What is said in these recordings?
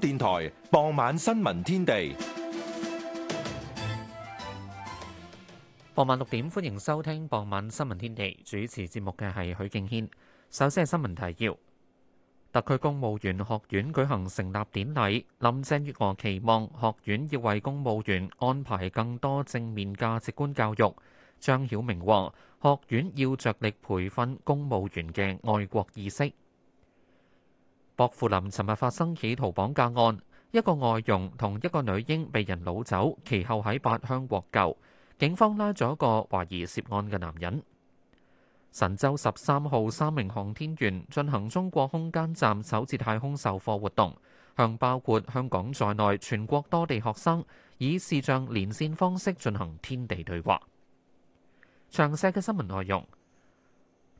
電台傍晚新聞天地，傍晚六點歡迎收聽傍晚新聞天地。主持節目嘅係許敬軒。首先係新聞提要：特區公務員學院舉行成立典禮。林鄭月娥期望學院要為公務員安排更多正面價值觀教育。張曉明話：學院要着力培訓公務員嘅愛國意識。薄扶林尋日發生企圖綁架案，一個外傭同一個女嬰被人擄走，其後喺八鄉獲救。警方拉咗一個懷疑涉案嘅男人。神舟十三號三名航天員進行中國空間站首次太空授課活動，向包括香港在內全國多地學生以視像連線方式進行天地對話。詳細嘅新聞內容：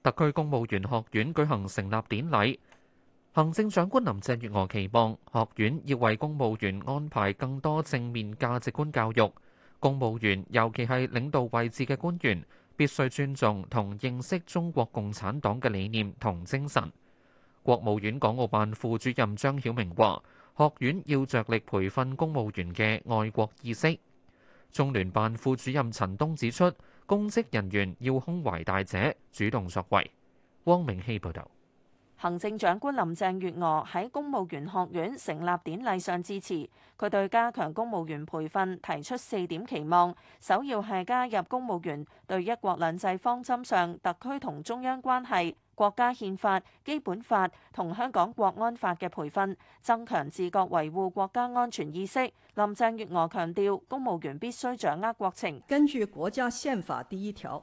特區公務員學院舉行成立典禮。行政長官林鄭月娥期望學院要為公務員安排更多正面價值觀教育，公務員尤其係領導位置嘅官員必須尊重同認識中國共產黨嘅理念同精神。國務院港澳辦副主任張曉明話：學院要着力培訓公務員嘅愛國意識。中聯辦副主任陳東指出，公職人員要胸懷大者，主動作為。汪明熙報導。行政長官林鄭月娥喺公務員學院成立典禮上致辭，佢對加強公務員培訓提出四點期望，首要係加入公務員對一國兩制方針上特區同中央關係、國家憲法、基本法同香港國安法嘅培訓，增強自覺維護國家安全意識。林鄭月娥強調，公務員必須掌握國情。根據國家憲法第一條。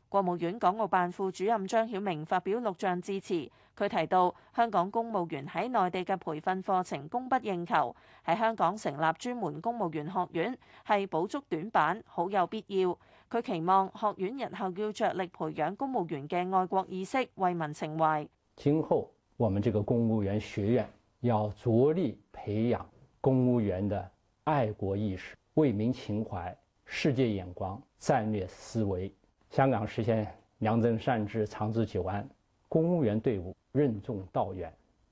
國務院港澳辦副主任張曉明發表錄像致辭。佢提到，香港公務員喺內地嘅培訓課程供不應求，喺香港成立專門公務員學院係補足短板，好有必要。佢期望學院日後要着力培養公務員嘅愛國意識、為民情懷。今後我們這個公務員學院要着力培養公務員的愛國意識、為民情懷、世界眼光、戰略思維。香港實現良政善治、長治久安，公務員隊伍任重道遠，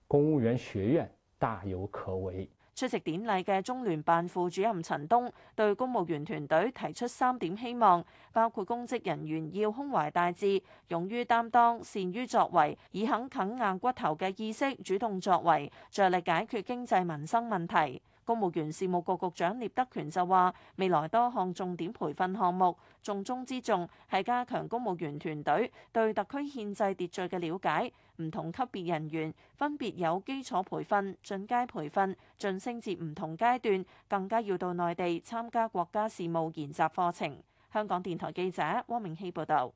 公務員學院大有可為。出席典禮嘅中聯辦副主任陳東對公務員團隊提出三點希望，包括公職人員要胸懷大志、勇於擔當、善於作為，以肯啃硬骨頭嘅意識主動作為，着力解決經濟民生問題。公務員事務局局長聶德權就話，未來多項重點培訓項目，重中之重係加強公務員團隊對特區憲制秩序嘅了解。唔同級別人員分別有基礎培訓、進階培訓，晉升至唔同階段，更加要到內地參加國家事務研習課程。香港電台記者汪明熙報道。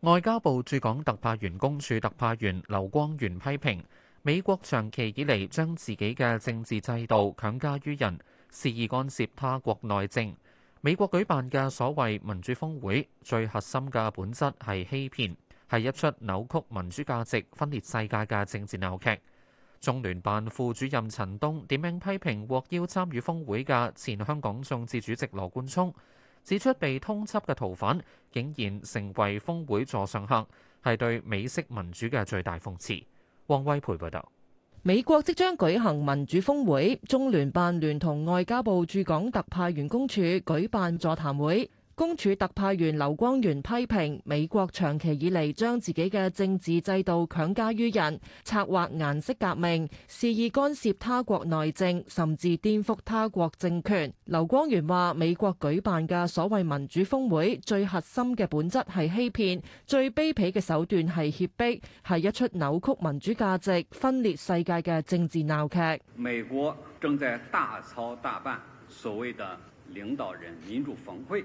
外交部駐港特派員公署特派員劉光源批評。美國長期以嚟將自己嘅政治制度強加於人，肆意干涉他國內政。美國舉辦嘅所謂民主峯會，最核心嘅本質係欺騙，係一出扭曲民主價值、分裂世界嘅政治鬧劇。中聯辦副主任陳東點名批評獲邀參與峯會嘅前香港眾志主席羅冠聰，指出被通緝嘅逃犯竟然成為峯會座上客，係對美式民主嘅最大諷刺。汪威培報道，美國即將舉行民主峯會，中聯辦聯同外交部駐港特派員公署舉辦座談會。公署特派員劉光源批評美國長期以嚟將自己嘅政治制度強加於人，策劃顏色革命，肆意干涉他國內政，甚至顛覆他國政權。劉光源話：美國舉辦嘅所謂民主峰會，最核心嘅本質係欺騙，最卑鄙嘅手段係脅迫，係一出扭曲民主價值、分裂世界嘅政治鬧劇。美國正在大操大辦所謂嘅領導人民主峰會。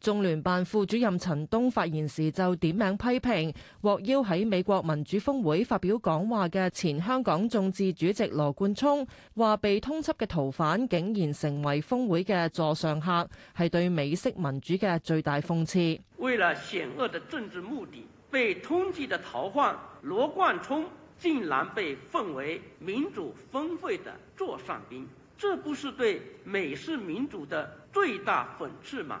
中聯辦副主任陳東發言時就點名批評獲邀喺美國民主峰會發表講話嘅前香港眾志主席羅冠聰，話被通緝嘅逃犯竟然成為峰會嘅座上客，係對美式民主嘅最大諷刺。為了險惡嘅政治目的，被通緝嘅逃犯羅冠聰竟然被奉為民主峰會的座上賓，這不是對美式民主的最大諷刺嗎？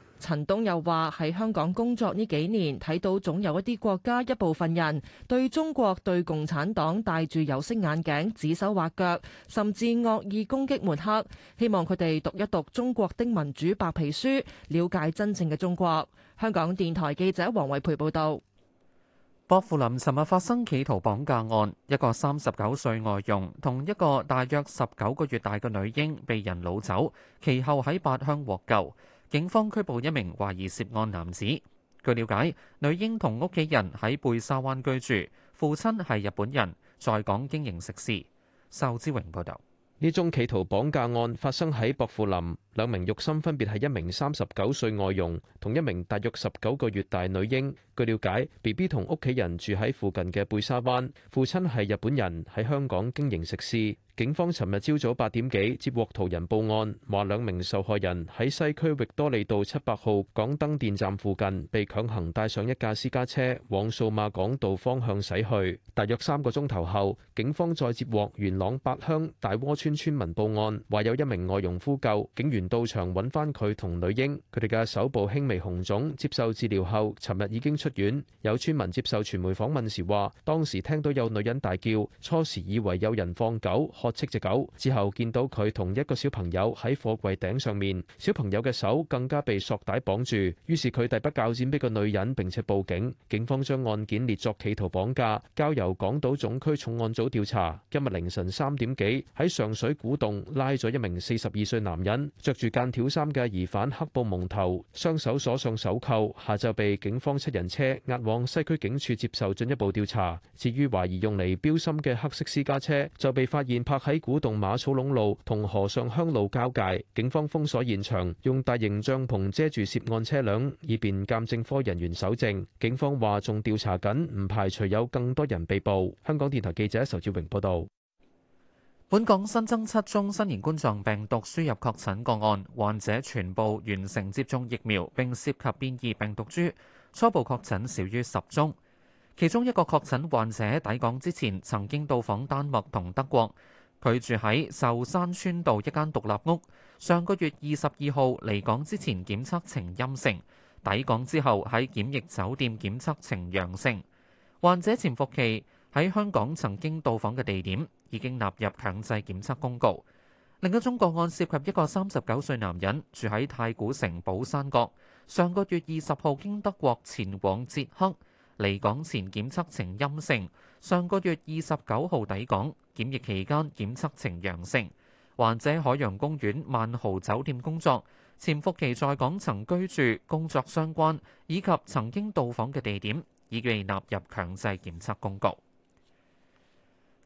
陳東又話：喺香港工作呢幾年，睇到總有一啲國家一部分人對中國對共產黨戴住有色眼鏡，指手畫腳，甚至惡意攻擊抹黑。希望佢哋讀一讀《中國的民主白皮書》，了解真正嘅中國。香港電台記者黃惠培報道。薄扶林尋日發生企圖綁架案，一個三十九歲外傭同一個大約十九個月大嘅女嬰被人擄走，其後喺八鄉獲救。警方拘捕一名懷疑涉案男子。據了解，女嬰同屋企人喺貝沙灣居住，父親係日本人，在港經營食肆。仇之榮報導，呢宗企圖綁架案發生喺薄扶林。兩名肉參分別係一名三十九歲外傭同一名大約十九個月大女嬰。據了解，BB 同屋企人住喺附近嘅貝沙灣，父親係日本人，喺香港經營食肆。警方尋日朝早八點幾接獲途人報案，話兩名受害人喺西區域多利道七八號港燈電站附近被強行帶上一架私家車往數碼港道方向駛去。大約三個鐘頭後，警方再接獲元朗八鄉大窩村村民報案，話有一名外傭呼救，警員到場揾翻佢同女嬰，佢哋嘅手部輕微紅腫，接受治療後，尋日已經出院。有村民接受傳媒訪問時話，當時聽到有女人大叫，初時以為有人放狗喝斥隻狗，之後見到佢同一個小朋友喺貨櫃頂上面，小朋友嘅手更加被索帶綁住，於是佢遞筆鉸剪俾個女人並且報警。警方將案件列作企圖綁架，交由港島總區重案組調查。今日凌晨三點幾喺上水古洞拉咗一名四十二歲男人。着住間條衫嘅疑犯黑布蒙頭，雙手鎖上手扣，下晝被警方七人車押往西區警署接受進一步調查。至於懷疑用嚟標心嘅黑色私家車就被發現泊喺古洞馬草壟路同河上鄉路交界，警方封鎖現場，用大型帳篷遮住涉案車輛，以便鑑證科人員搜證，警方話仲調查緊，唔排除有更多人被捕。香港電台記者仇志榮報道。本港新增七宗新型冠狀病毒輸入確診個案，患者全部完成接種疫苗，並涉及變異病毒株。初步確診少於十宗，其中一個確診患者抵港之前曾經到訪丹麥同德國，佢住喺壽山村道一間獨立屋。上個月二十二號離港之前檢測呈陰性，抵港之後喺檢疫酒店檢測呈陽性。患者潛伏期喺香港曾經到訪嘅地點。已經納入強制檢測公告。另一宗個案涉及一個三十九歲男人，住喺太古城寶山閣。上個月二十號經德國前往捷克，離港前檢測呈陰性。上個月二十九號抵港，檢疫期間檢測呈陽性。患者海洋公園萬豪酒店工作，潛伏期在港曾居住、工作相關，以及曾經到訪嘅地點，已被納入強制檢測公告。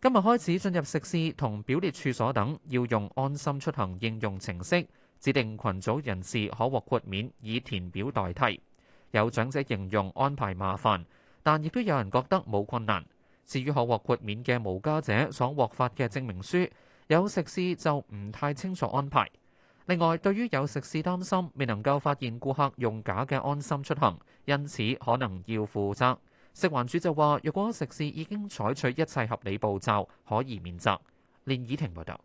今日開始進入食肆同表列處所等，要用安心出行應用程式，指定群組人士可獲豁免，以填表代替。有長者形容安排麻煩，但亦都有人覺得冇困難。至於可獲豁免嘅無家者所獲發嘅證明書，有食肆就唔太清楚安排。另外，對於有食肆擔心未能夠發現顧客用假嘅安心出行，因此可能要負責。食環署就話：若果食肆已經採取一切合理步驟，可以免責。連以婷報道。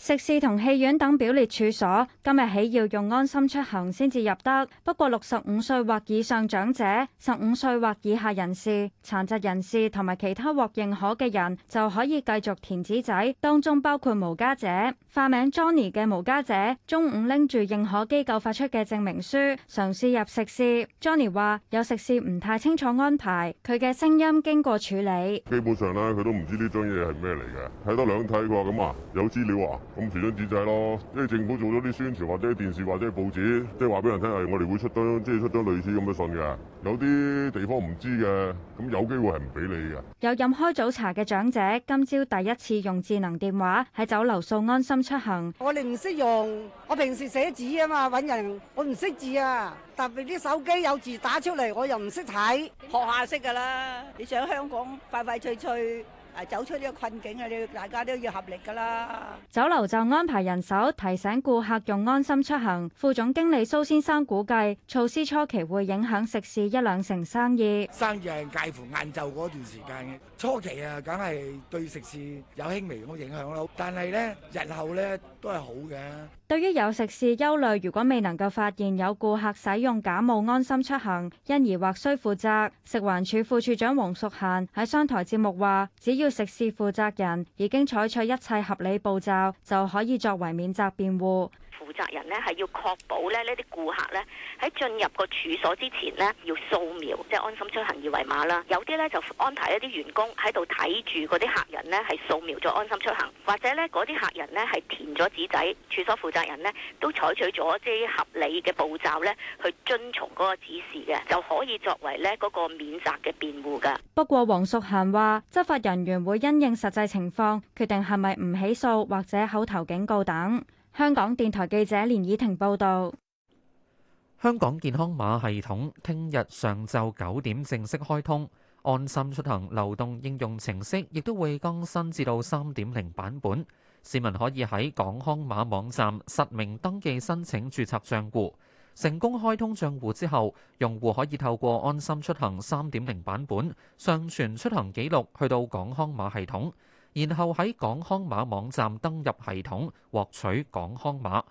食肆同戲院等表列處所今日起要用安心出行先至入得。不過六十五歲或以上長者、十五歲或以下人士、殘疾人士同埋其他獲認可嘅人就可以繼續填紙仔，當中包括無家者。化名 Johnny 嘅無家者中午拎住認可機構發出嘅證明書，嘗試入食肆。Johnny 話有食肆唔太清楚安排，佢嘅聲音經過處理。基本上呢，佢都唔知呢張嘢係咩嚟嘅，睇多兩睇過咁啊，有資料啊。咁除咗紙仔咯，即係政府做咗啲宣傳，或者電視，或者係報紙，即係話俾人聽係我哋會出多即係出咗類似咁嘅信嘅。有啲地方唔知嘅，咁有機會係唔俾你嘅。有飲開早茶嘅長者，今朝第一次用智能電話喺酒樓掃安心出行。我哋唔識用，我平時寫字啊嘛，揾人我唔識字啊，特別啲手機有字打出嚟，我又唔識睇，學下識噶啦。你想香港快快脆脆？走出呢個困境啊！要大家都要合力噶啦。酒樓就安排人手提醒顧客用安心出行。副總經理蘇先生估計，措施初期會影響食肆一兩成生意。生意係介乎晏晝嗰段時間嘅初期啊，梗係對食肆有輕微咁嘅影響囉。但係咧，日後咧。都係好嘅。對於有食肆憂慮，如果未能夠發現有顧客使用假冒安心出行，因而或需負責，食環署副署長黃淑嫻喺商台節目話：只要食肆負責人已經採取一切合理步驟，就可以作為免責辯護。負責人咧係要確保咧呢啲顧客咧喺進入個處所之前咧要掃描，即係安心出行二維碼啦。有啲呢就安排一啲員工喺度睇住嗰啲客人呢係掃描咗安心出行，或者呢嗰啲客人呢係填咗紙仔。處所負責人呢都採取咗即係合理嘅步驟呢去遵從嗰個指示嘅，就可以作為呢嗰個免責嘅辯護㗎。不過，黃淑賢話，執法人員會因應實際情況決定係咪唔起訴或者口頭警告等。香港電台記者連以婷報道，香港健康碼系統聽日上晝九點正式開通，安心出行流動應用程式亦都會更新至到三點零版本。市民可以喺港康碼網站實名登記申請注冊賬戶，成功開通賬戶之後，用戶可以透過安心出行三點零版本上傳出行記錄去到港康碼系統。然後喺港康碼網站登入系統，獲取港康碼。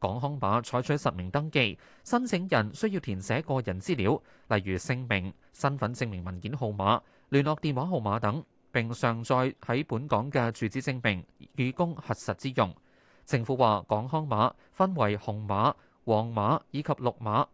港康碼採取實名登記，申請人需要填寫個人資料，例如姓名、身份證明文件號碼、聯絡電話號碼等，並上載喺本港嘅住址證明，以供核實之用。政府話，港康碼分為紅碼、黃碼以及綠碼，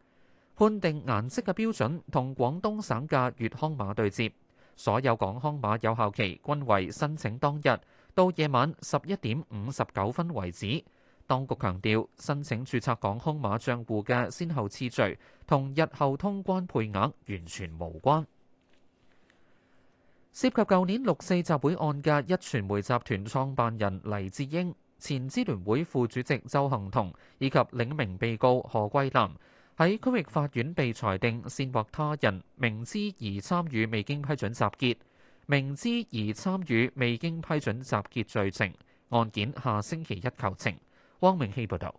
判定顏色嘅標準同廣東省嘅粵康碼對接。所有港康碼有效期均為申請當日到夜晚十一點五十九分為止。當局強調，申請註冊港康碼賬戶嘅先後次序同日後通關配額完全無關。涉及舊年六四集會案嘅壹傳媒集團創辦人黎智英、前支聯會副主席鄒幸彤以及兩名被告何桂藍，喺區域法院被裁定煽惑他人明知而參與未經批准集結，明知而參與未經批准集結罪成。案件下星期一求情。汪明熙報道。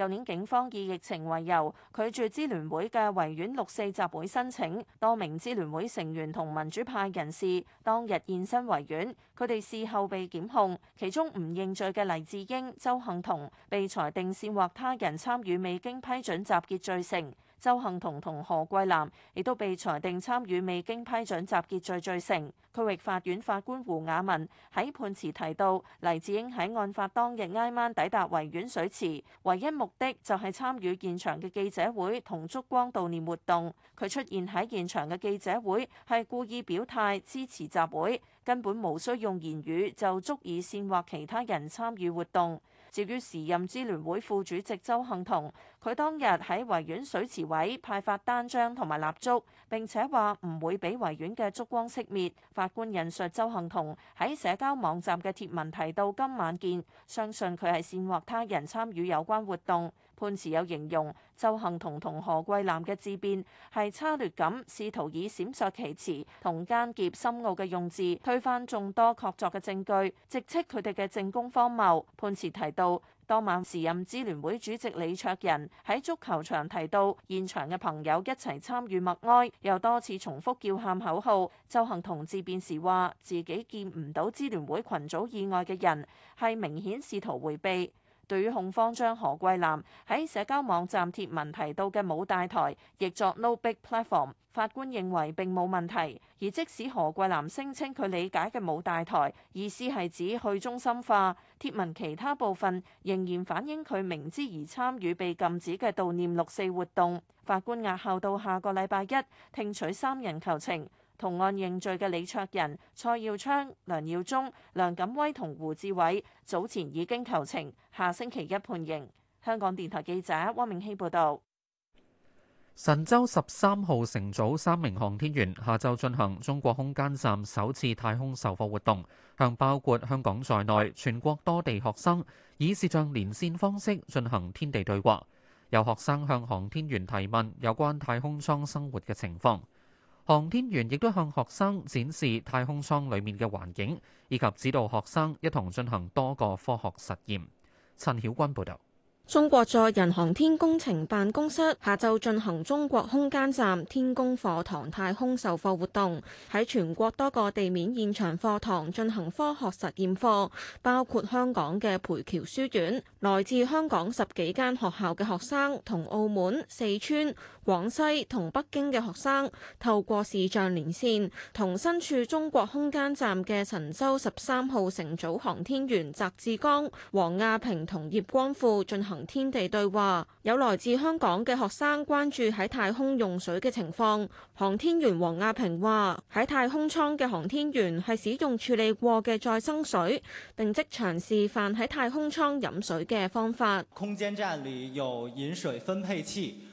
舊年警方以疫情為由拒絕支聯會嘅維園六四集會申請，多名支聯會成員同民主派人士當日現身維園，佢哋事後被檢控，其中唔認罪嘅黎智英、周幸彤被裁定煽惑他人參與未經批准集結罪成。周幸彤同何桂藍亦都被裁定參與未經批准集結罪罪成。區域法院法官胡雅文喺判詞提到，黎智英喺案發當日挨晚抵達維園水池，唯一目的就係參與現場嘅記者會同燭光悼念活動。佢出現喺現場嘅記者會係故意表態支持集會，根本無需用言語就足以煽惑其他人參與活動。至於時任支聯會副主席鄒幸彤，佢當日喺維園水池位派發單張同埋蠟燭，並且話唔會俾維園嘅燭光熄滅。法官引述鄒幸彤喺社交網站嘅貼文提到今晚見，相信佢係煽惑他人參與有關活動。判詞有形容鄒幸彤同何桂藍嘅自辯係差劣噉，試圖以閃爍其詞同艱深深奧嘅用字推翻眾多確鑿嘅證據，直斥佢哋嘅證供荒謬。判詞提到，當晚時任支聯會主席李卓人喺足球場提到，現場嘅朋友一齊參與默哀，又多次重複叫喊口號。鄒幸彤自辯時話自己見唔到支聯會群組以外嘅人，係明顯試圖迴避。對於控方將何桂藍喺社交網站貼文提到嘅冇大台，亦作 No Big Platform，法官認為並冇問題。而即使何桂藍聲稱佢理解嘅冇大台意思係指去中心化，貼文其他部分仍然反映佢明知而參與被禁止嘅悼念六四活動。法官押後到下個禮拜一聽取三人求情。同案認罪嘅李卓人、蔡耀昌、梁耀忠、梁錦威同胡志偉早前已經求情，下星期一判刑。香港電台記者汪明希報道。神舟十三號乘組三名航天員下晝進行中國空間站首次太空授課活動，向包括香港在內全國多地學生以視像連線方式進行天地對話，有學生向航天員提問有關太空艙生活嘅情況。航天員亦都向學生展示太空艙裡面嘅環境，以及指導學生一同進行多個科學實驗。陳曉君報導。中國載人航天工程辦公室下晝進行中國空間站天宮課堂太空授課活動，喺全國多個地面現場課堂進行科學實驗課，包括香港嘅培僑書院，來自香港十幾間學校嘅學生同澳門、四川、廣西同北京嘅學生透過視像連線，同身處中國空間站嘅神舟十三號乘組航天員翟志剛、王亞平同葉光富進行天地對話。有來自香港嘅學生關注喺太空用水嘅情況。航天員王亞平話：喺太空艙嘅航天員係使用處理過嘅再生水，並即場示範喺太空艙飲水嘅方法。空間站裏有飲水分配器。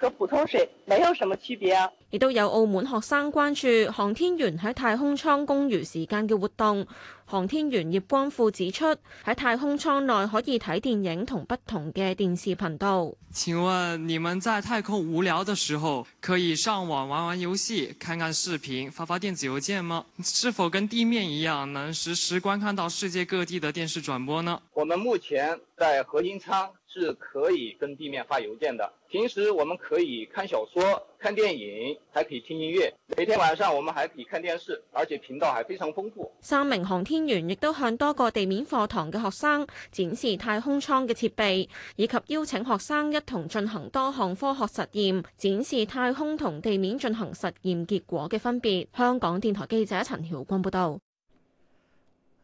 和普通水沒有什麼區別啊，亦都有澳門學生關注航天員喺太空艙公餘時間嘅活動。航天員葉光富指出，喺太空艙內可以睇電影同不同嘅電視頻道。請問你們在太空無聊的時候可以上網玩玩遊戲、看看視頻、發發電子郵件嗎？是否跟地面一樣能實時觀看到世界各地的電視轉播呢？我們目前在核心艙。是可以跟地面發郵件的。平時我們可以看小說、看電影，還可以聽音樂。每天晚上我們還可以看電視，而且頻道還非常豐富。三名航天員亦都向多個地面課堂嘅學生展示太空艙嘅設備，以及邀請學生一同進行多項科學實驗，展示太空同地面進行實驗結果嘅分別。香港電台記者陳曉君報道。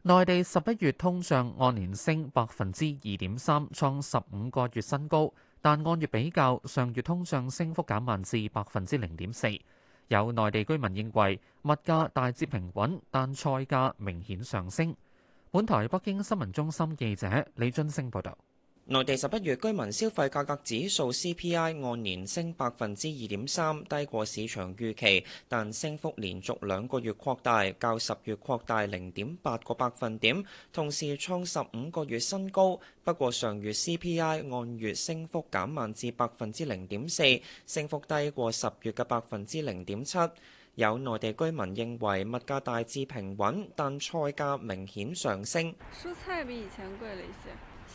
內地十一月通脹按年升百分之二點三，創十五個月新高，但按月比較，上月通脹升幅減慢至百分之零點四。有內地居民認為物價大致平穩，但菜價明顯上升。本台北京新聞中心記者李津升報道。內地十一月居民消費價格指數 CPI 按年升百分之二點三，低過市場預期，但升幅連續兩個月擴大，較十月擴大零點八個百分點，同時創十五個月新高。不過上月 CPI 按月升幅減慢至百分之零點四，升幅低過十月嘅百分之零點七。有內地居民認為物價大致平穩，但菜價明顯上升。蔬菜比以前貴了一些。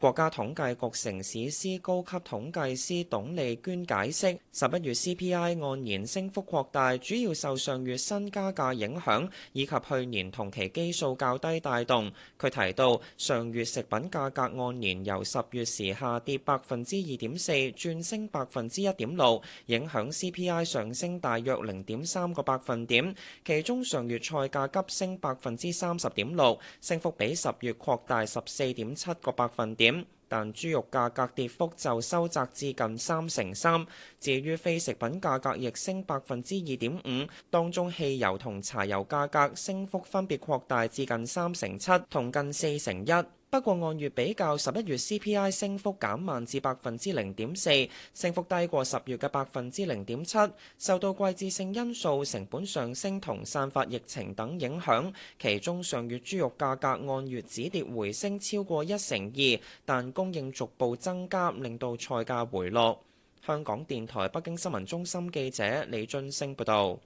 國家統計局城市司高級統計師董利娟解釋，十一月 CPI 按年升幅擴大，主要受上月新加價影響以及去年同期基數較低帶動。佢提到，上月食品價格按年由十月時下跌百分之二點四轉升百分之一點六，影響 CPI 上升大約零點三個百分點。其中上月菜價急升百分之三十點六，升幅比十月擴大十四點七個百分點。但豬肉價格跌幅就收窄至近三成三。至於非食品價格亦升百分之二點五，當中汽油同柴油價格升幅分別擴大至近三成七同近四成一。不過按月比較，十一月 CPI 升幅減慢至百分之零點四，升幅低過十月嘅百分之零點七。受到季節性因素、成本上升同散發疫情等影響，其中上月豬肉價格按月止跌回升超過一成二，但供應逐步增加，令到菜價回落。香港電台北京新聞中心記者李俊升報道，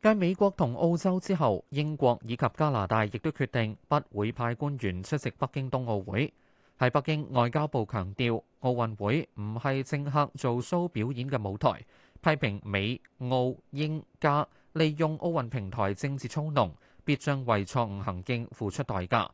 繼美國同澳洲之後，英國以及加拿大亦都決定不會派官員出席北京冬奧會。喺北京，外交部強調，奧運會唔係政客做 show 表演嘅舞台，批評美、澳、英、加利用奧運平台政治操弄，必將為錯誤行徑付出代價。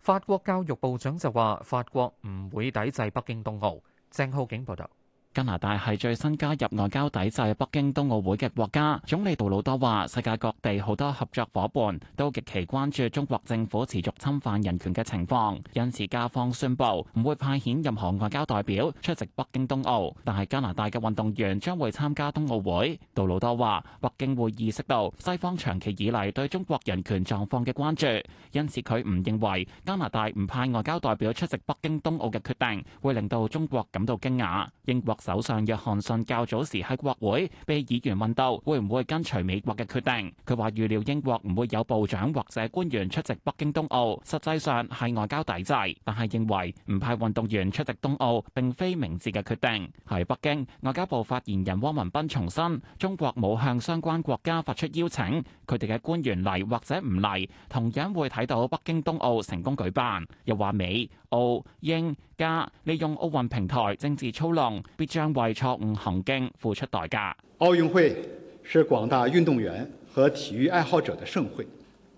法國教育部長就話，法國唔會抵制北京冬奧。鄭浩景報道。加拿大係最新加入外交抵制北京冬奧會嘅國家。總理杜魯多話：世界各地好多合作伙伴都極其關注中國政府持續侵犯人權嘅情況，因此加方宣布唔會派遣任何外交代表出席北京冬奧。但係加拿大嘅運動員將會參加冬奧會。杜魯多話：北京會意識到西方長期以嚟對中國人權狀況嘅關注，因此佢唔認為加拿大唔派外交代表出席北京冬奧嘅決定會令到中國感到驚訝。英國。首相約翰遜較早時喺國會被議員問到會唔會跟隨美國嘅決定，佢話預料英國唔會有部長或者官員出席北京冬奧，實際上係外交抵制。但係認為唔派運動員出席冬奧並非明智嘅決定。喺北京，外交部發言人汪文斌重申，中國冇向相關國家發出邀請，佢哋嘅官員嚟或者唔嚟，同樣會睇到北京冬奧成功舉辦，又話美、澳、英。加利用奧運平台政治操弄，必將為錯誤行徑付出代價。奧運會是廣大運動員和體育愛好者的盛會，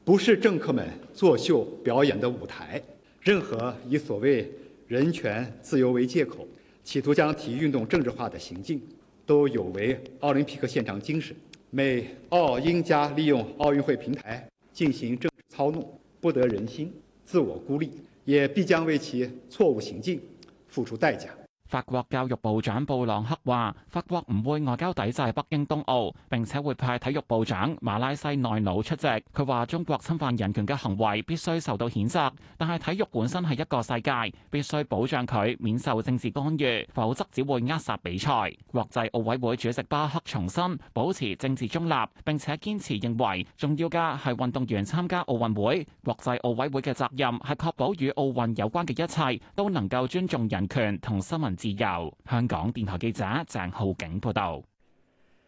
不是政客們作秀表演的舞台。任何以所謂人權自由為借口，企圖將體育運動政治化的行徑，都有違奧林匹克憲章精神。美、澳、英加利用奧運會平台進行政治操弄，不得人心，自我孤立。也必將為其錯誤行徑付出代價。法國教育部長布朗克話：法國唔會外交抵制北京冬奧，並且會派體育部長馬拉西內努出席。佢話：中國侵犯人權嘅行為必須受到譴責，但係體育本身係一個世界，必須保障佢免受政治干預，否則只會扼殺比賽。國際奧委會主席巴克重申保持政治中立，並且堅持認為重要嘅係運動員參加奧運會。國際奧委會嘅責任係確保與奧運有關嘅一切都能夠尊重人權同新聞自由。香港電台記者鄭浩景報道，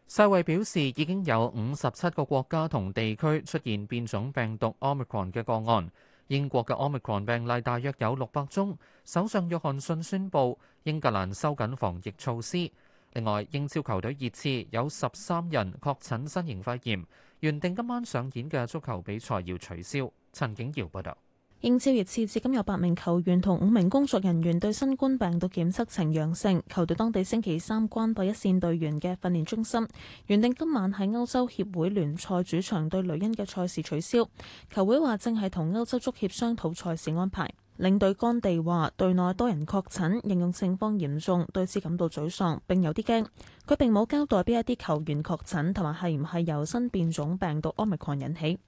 世衛表示已經有五十七個國家同地區出現變種病毒 Omicron 嘅個案。英國嘅 Omicron 病例大約有六百宗。首相約翰遜宣布英格蘭收緊防疫措施。另外，英超球隊熱刺有十三人確診新型肺炎，原定今晚上演嘅足球比賽要取消。陳景瑤報道。英超熱刺至今有八名球員同五名工作人員對新冠病毒檢測呈陽性，球隊當地星期三關閉一線隊員嘅訓練中心，原定今晚喺歐洲協會聯賽主場對雷恩嘅賽事取消。球會話正係同歐洲足協商討賽事安排。領隊干地話：隊內多人確診，應用情況嚴重，對此感到沮喪並有啲驚。佢並冇交代邊一啲球員確診同埋係唔係由新變種病毒奧密克戎引起。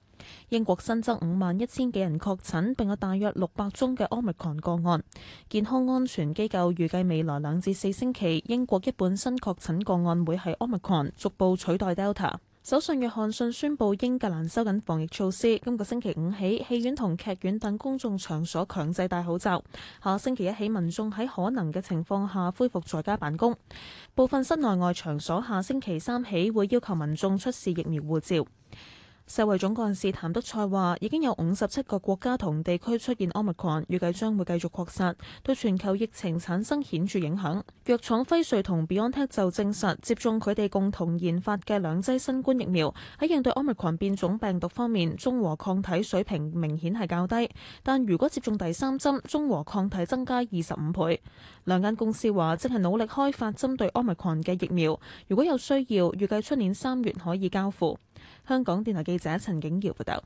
英國新增五萬一千幾人確診，並有大約六百宗嘅 Omicron 個案。健康安全機構預計未來兩至四星期，英國一半新確診個案會係 Omicron 逐步取代 Delta。首相約翰遜宣布英格蘭收緊防疫措施，今個星期五起，戲院同劇院等公眾場所強制戴口罩。下星期一起，民眾喺可能嘅情況下恢復在家辦公。部分室內外場所下星期三起會要求民眾出示疫苗護照。世衛總幹事譚德賽話，已經有五十七個國家同地區出現奧密克戎，預計將會繼續擴散，對全球疫情產生顯著影響。藥廠輝瑞同 Biontech 就證實，接種佢哋共同研發嘅兩劑新冠疫苗，喺應對奧密克戎變種病毒方面，中和抗體水平明顯係較低，但如果接種第三針，中和抗體增加二十五倍。兩間公司話，即係努力開發針對 Omicron 嘅疫苗。如果有需要，預計出年三月可以交付。香港電台記者陳景耀報道。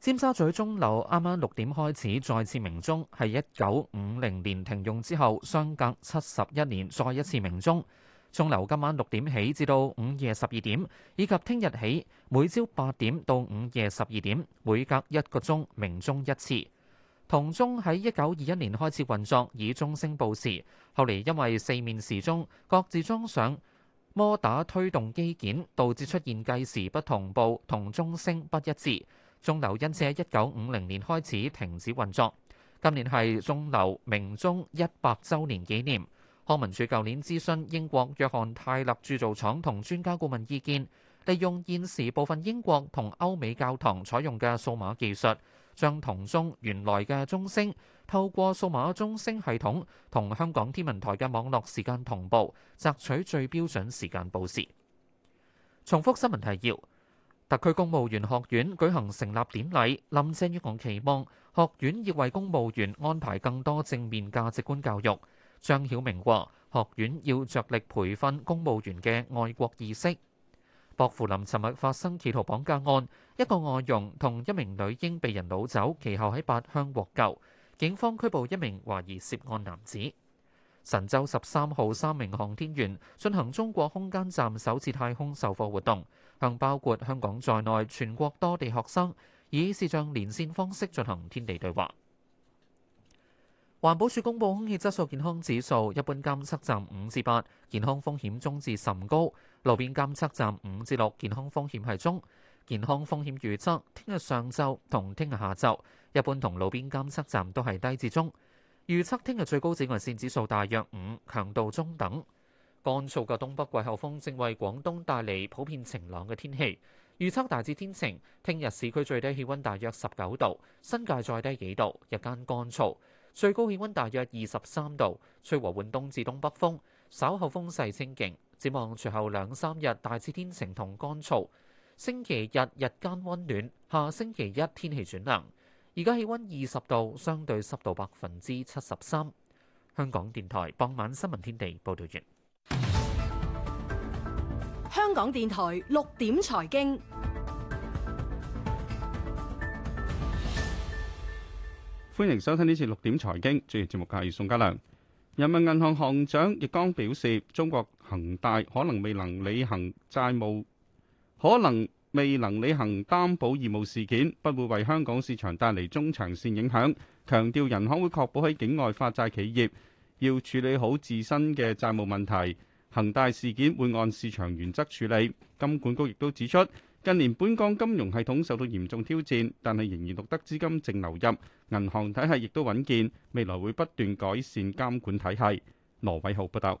尖沙咀鐘樓啱啱六點開始再次鳴鐘，係一九五零年停用之後相隔七十一年再一次鳴鐘。鐘樓今晚六點起至到午夜十二點，以及聽日起每朝八點到午夜十二點，每隔一個鐘鳴鐘一次。銅鐘喺一九二一年開始運作，以鐘聲報時。後嚟因為四面時鐘各自裝上摩打推動機件，導致出現計時不同步同鐘聲不一致。鐘樓因此喺一九五零年開始停止運作。今年係鐘樓鳴鐘一百周年紀念。康文署舊年諮詢英國約翰泰勒鑄造廠同專家顧問意見，利用現時部分英國同歐美教堂採用嘅數碼技術。將銅鐘原來嘅鐘聲，透過數碼鐘聲系統同香港天文台嘅網絡時間同步，摘取最標準時間報時。重複新聞提要：特區公務員學院舉行成立典禮，林鄭月娥期望學院要為公務員安排更多正面價值觀教育。張曉明話，學院要着力培訓公務員嘅愛國意識。薄扶林尋日發生企圖綁架案，一個外傭同一名女嬰被人擄走，其後喺八鄉獲救。警方拘捕一名懷疑涉案男子。神舟十三號三名航天員進行中國空間站首次太空授課活動，向包括香港在內全國多地學生以視像連線方式進行天地對話。環保署公布空氣質素健康指數，一般監測站五至八，健康風險中至甚高；路邊監測站五至六，健康風險係中。健康風險預測，聽日上晝同聽日下晝，一般同路邊監測站都係低至中。預測聽日最高紫外線指數大約五，強度中等。乾燥嘅東北季候風正為廣東帶嚟普遍晴朗嘅天氣，預測大致天晴。聽日市區最低氣溫大約十九度，新界再低幾度，日間乾燥。最高氣溫大約二十三度，吹和緩東至東北風，稍後風勢清勁。展望隨後兩三日大致天晴同乾燥，星期日日間溫暖，下星期一天氣轉涼。而家氣溫二十度，相對濕度百分之七十三。香港電台傍晚新聞天地報道完。香港電台六點財經。歡迎收聽呢次六點財經，主持節目嘅係宋家良。人民銀行行長易綱表示，中國恒大可能未能履行債務，可能未能履行擔保義務事件，不會為香港市場帶嚟中長線影響。強調人行會確保喺境外發債企業要處理好自身嘅債務問題。恒大事件會按市場原則處理。金管局亦都指出，近年本港金融系統受到嚴重挑戰，但係仍然錄得資金淨流入，銀行體系亦都穩健，未來會不斷改善監管體系。羅偉浩報道。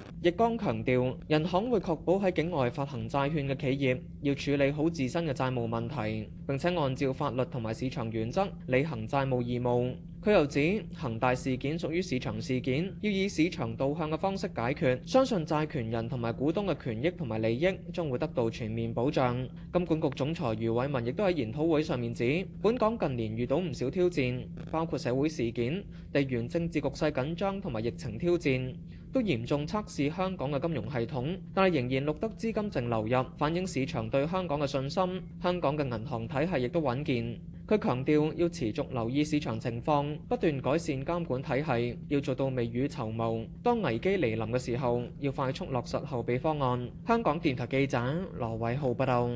易綱強調，人行會確保喺境外發行債券嘅企業要處理好自身嘅債務問題，並且按照法律同埋市場原則履行債務義務。佢又指，恒大事件屬於市場事件，要以市場導向嘅方式解決，相信債權人同埋股東嘅權益同埋利益將會得到全面保障。金管局總裁余偉文亦都喺研討會上面指，本港近年遇到唔少挑戰，包括社會事件、地緣政治局勢緊張同埋疫情挑戰。都嚴重測試香港嘅金融系統，但係仍然錄得資金淨流入，反映市場對香港嘅信心。香港嘅銀行體系亦都穩健。佢強調要持續留意市場情況，不斷改善監管體系，要做到未雨綢繆。當危機嚟臨嘅時候，要快速落實後備方案。香港電台記者羅偉浩報道。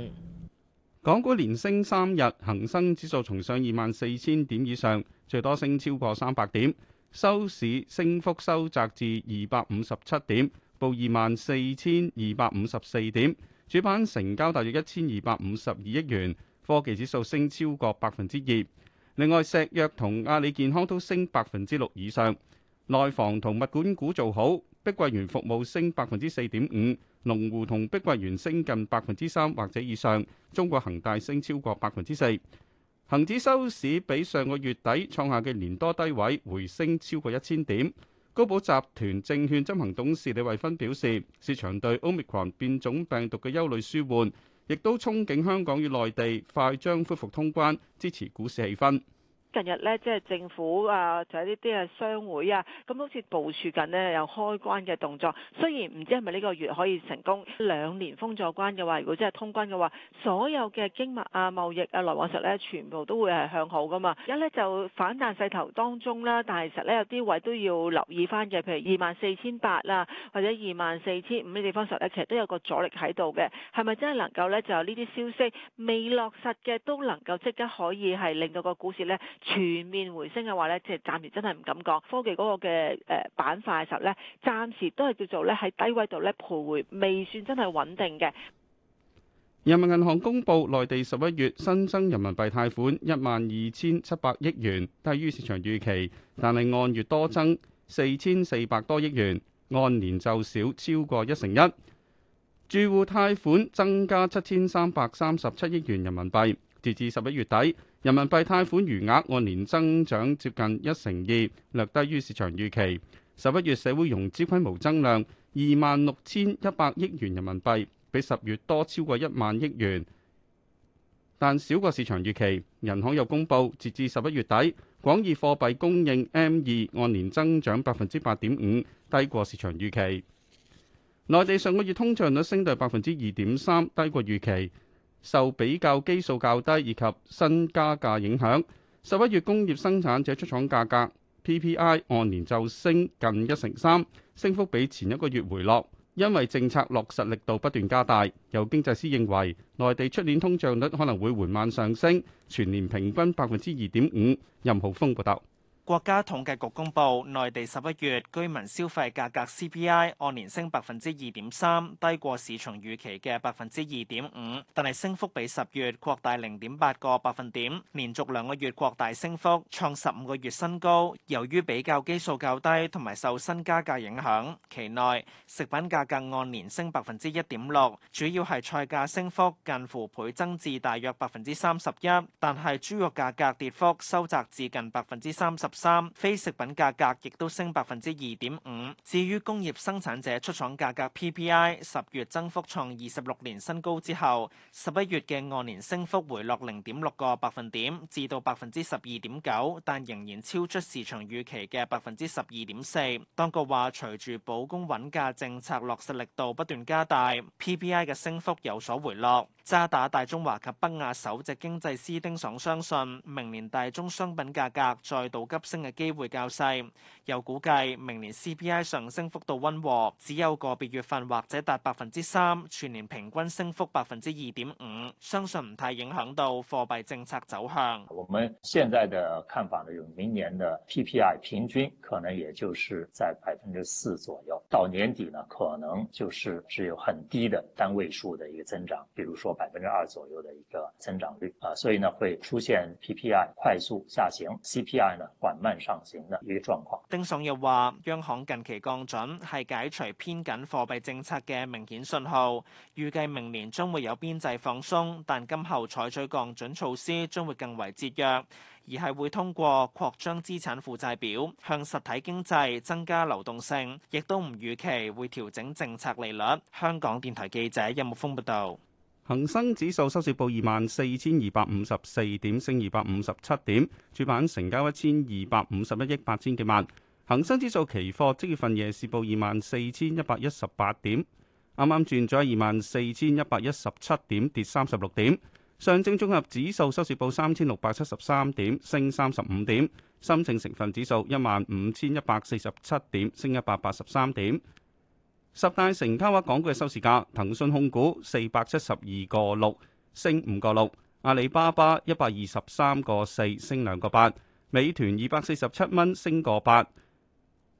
港股連升三日，恒生指數重上二萬四千點以上，最多升超過三百點。收市升幅收窄至二百五十七點，報二萬四千二百五十四點。主板成交大約一千二百五十二億元。科技指數升超過百分之二。另外，石藥同阿里健康都升百分之六以上。內房同物管股做好，碧桂園服務升百分之四點五，龍湖同碧桂園升近百分之三或者以上。中國恒大升超過百分之四。恒指收市比上個月底創下嘅年多低位回升超過一千點。高寶集團證券執行董事李慧芬表示，市場對奧密克戎變種病毒嘅憂慮舒緩，亦都憧憬香港與內地快將恢復通關，支持股市氣氛。近日咧，即係政府啊，就係呢啲啊商會啊，咁好似部署緊呢、啊、有開關嘅動作。雖然唔知係咪呢個月可以成功，兩年封咗關嘅話，如果真係通關嘅話，所有嘅經貿啊、貿易啊來往實咧，全部都會係向好噶嘛。而家咧就反彈勢頭當中啦，但係實咧有啲位都要留意翻嘅，譬如二萬四千八啊，或者二萬四千五呢地方實咧，其實都有個阻力喺度嘅。係咪真係能夠咧？就呢啲消息未落實嘅，都能夠即刻可以係令到個股市咧？全面回升嘅話，呢即係暫時真係唔敢講科技嗰個嘅誒板塊嘅時候咧，暫時都係叫做咧喺低位度咧徘徊，未算真係穩定嘅。人民銀行公布，內地十一月新增人民幣貸款一萬二千七百億元，低於市場預期，但係按月多增四千四百多億元，按年就少超過一成一。住戶貸款增加七千三百三十七億元人民幣。截至十一月底，人民幣貸款餘額按年增長接近一成二，略低於市場預期。十一月社會融資規模增量二萬六千一百億元人民幣，比十月多超過一萬億元，但少過市場預期。人行又公佈，截至十一月底，廣義貨幣供應 M 二按年增長百分之八點五，低過市場預期。內地上個月通脹率升到百分之二點三，低過預期。受比較基數較低以及新加價影響，十一月工業生產者出廠價格 PPI 按年就升近一成三，升幅比前一個月回落，因為政策落實力度不斷加大。有經濟師認為，內地出年通脹率可能會緩慢上升，全年平均百分之二點五。任浩峰報道。國家統計局公布，內地十一月居民消費價格 CPI 按年升百分之二點三，低過市場預期嘅百分之二點五，但係升幅比十月擴大零點八個百分點，連續兩個月擴大升幅，創十五個月新高。由於比較基數較低，同埋受新加價影響，期內食品價格按年升百分之一點六，主要係菜價升幅近乎倍增至大約百分之三十一，但係豬肉價格跌幅收窄至近百分之三十。三非食品價格亦都升百分之二點五。至於工業生產者出廠價格 PPI，十月增幅創二十六年新高之後，十一月嘅按年升幅回落零點六個百分點，至到百分之十二點九，但仍然超出市場預期嘅百分之十二點四。當局話，隨住保供穩價政策落實力度不斷加大，PPI 嘅升幅有所回落。渣打大中華及北亞首席經濟師丁爽相信，明年大宗商品價格再度急升嘅機會較細。又估計明年 CPI 上升幅度溫和，只有個別月份或者達百分之三，全年平均升幅百分之二點五，相信唔太影響到貨幣政策走向。我們現在的看法呢，就明年的 PPI 平均可能也就是在百分之四左右，到年底呢，可能就是只有很低的單位數嘅一個增長，比如說。百分之二左右的一個增長率啊，所以呢會出現 PPI 快速下行，CPI 呢緩慢上行的一個狀況。丁爽又話，央行近期降準係解除偏緊貨幣政策嘅明顯信號，預計明年將會有邊際放鬆，但今後採取降準措施將會更為節約，而係會通過擴張資產負債表向實體經濟增加流動性，亦都唔預期會調整政策利率。香港電台記者任木峰報道。恒生指數收市報二萬四千二百五十四點，升二百五十七點，主板成交一千二百五十一億八千幾萬。恒生指數期貨即月份夜市報二萬四千一百一十八點，啱啱轉咗二萬四千一百一十七點，跌三十六點。上證綜合指數收市報三千六百七十三點，升三十五點。深證成分指數一萬五千一百四十七點，升一百八十三點。十大成交額港股收市價：騰訊控股四百七十二個六升五個六，阿里巴巴一百二十三個四升兩個八，美團二百四十七蚊升個八，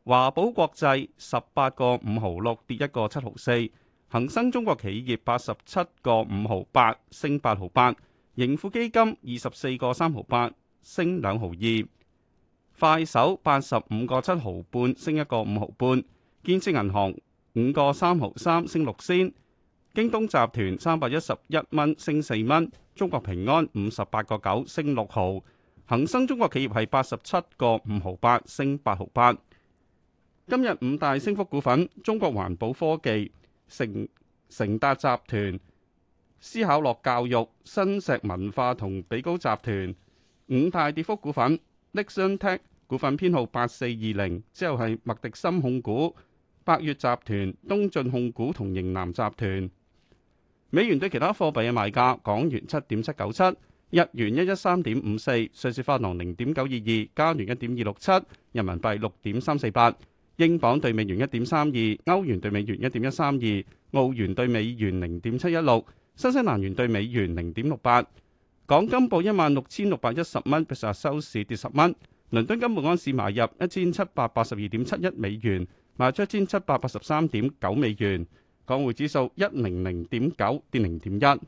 華寶國際十八個五毫六跌一個七毫四，恒生中國企業八十七個五毫八升八毫八，盈富基金二十四個三毫八升兩毫二，快手八十五個七毫半升一個五毫半，建設銀行。五個三毫三升六仙，京東集團三百一十一蚊升四蚊，中國平安五十八個九升六毫，恒生中國企業係八十七個五毫八升八毫八。今日五大升幅股份：中國環保科技、成成達集團、思考樂教育、新石文化同比高集團。五大跌幅股份：Nixon Tech，股份編號八四二零，之後係麥迪森控股。百越集團、東進控股同盈南集團。美元對其他貨幣嘅賣價：港元七點七九七，日元一一三點五四，瑞士法郎零點九二二，加元一點二六七，人民幣六點三四八，英鎊兌美元一點三二，歐元兌美元一點一三二，澳元兌美元零點七一六，新西蘭元兌美元零點六八。港金報一萬六千六百一十蚊，比實收市跌十蚊。倫敦金每盎司買入一千七百八十二點七一美元。賣出一千七百八十三點九美元，港匯指數一零零點九，跌零點一。